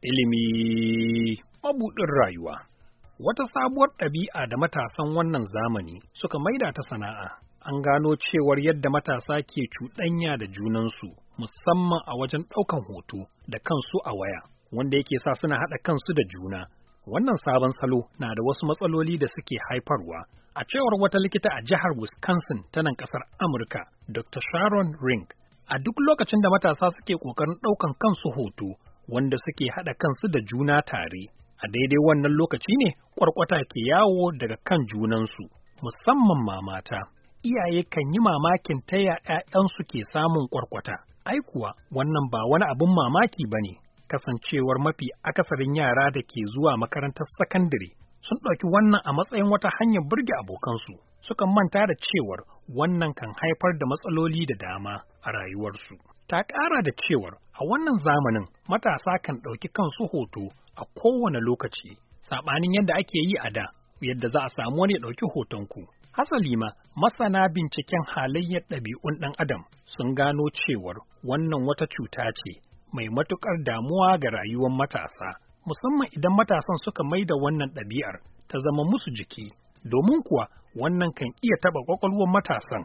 Ilimi mabuɗin rayuwa. Wata sabuwar ɗabi'a da matasan wannan zamani suka maida ta sana'a. An gano cewar yadda matasa ke cuɗanya da junansu musamman a wajen ɗaukan hoto da kansu a waya, wanda yake sa suna haɗa kansu da juna. Wannan sabon salo na da wasu matsaloli da suke haifarwa. A cewar wata likita a jihar Wisconsin ta nan ƙasar Amurka, Dr. Sharon Ring, a duk lokacin da matasa suke ƙoƙarin ɗaukan kansu hoto wanda suke haɗa kansu da juna tare. A daidai wannan lokaci ne ƙwarƙwata ke yawo daga kan junansu, musamman mamata. Iyaye kan yi mamakin ta ya ‘ya'yansu ke samun ƙwarƙwata. Ai kuwa wannan ba wani abin mamaki ba ne, kasancewar mafi akasarin yara da ke zuwa makarantar sakandare sun ɗauki wannan a matsayin wata hanyar burge abokansu sukan manta da cewar wannan kan haifar da matsaloli da dama a rayuwarsu. Ta ƙara da cewar A wannan zamanin matasa kan ɗauki kansu hoto a kowane lokaci, saɓanin yadda ake yi a da, yadda za a samu wani ya ɗauki hotonku. Hasali ma masana binciken halayyar ɗabi'un ɗan adam sun gano cewar wannan wata cuta ce mai matuƙar damuwa ga rayuwar matasa, musamman idan matasan suka mai da wannan ɗabi'ar ta zama musu jiki, domin kuwa wannan kan iya taɓa ƙwaƙwalwar matasan.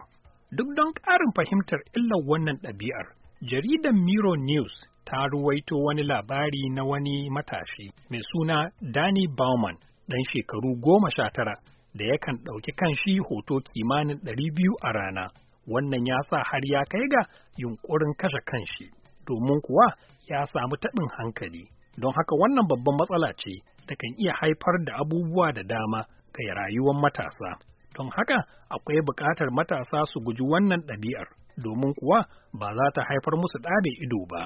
Duk don ƙarin fahimtar illar wannan ɗabi'ar, Jaridan Miro News ta ruwaito wani labari na wani matashi mai suna Danny Bauman ɗan shekaru goma sha tara da yakan ɗauki kanshi hoto kimanin ɗari biyu a rana. Wannan ya sa har ya kai ga yunkurin kashe kanshi, domin kuwa ya samu taɓin hankali. Don haka wannan babban matsala ce da kan iya haifar da abubuwa da dama ga rayuwar matasa. Don haka akwai buƙatar matasa su guji wannan ɗabi'ar. domin kuwa ba za ta haifar musu ɗa ido ba.